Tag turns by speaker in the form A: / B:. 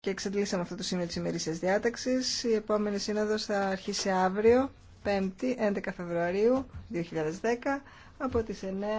A: και εξαντλήσαμε αυτό το σημείο τη ημερήσια διάταξη. Η επόμενη σύνοδο θα αρχίσει αύριο, 5η, 11 Φεβρουαρίου 2010, από τις 9.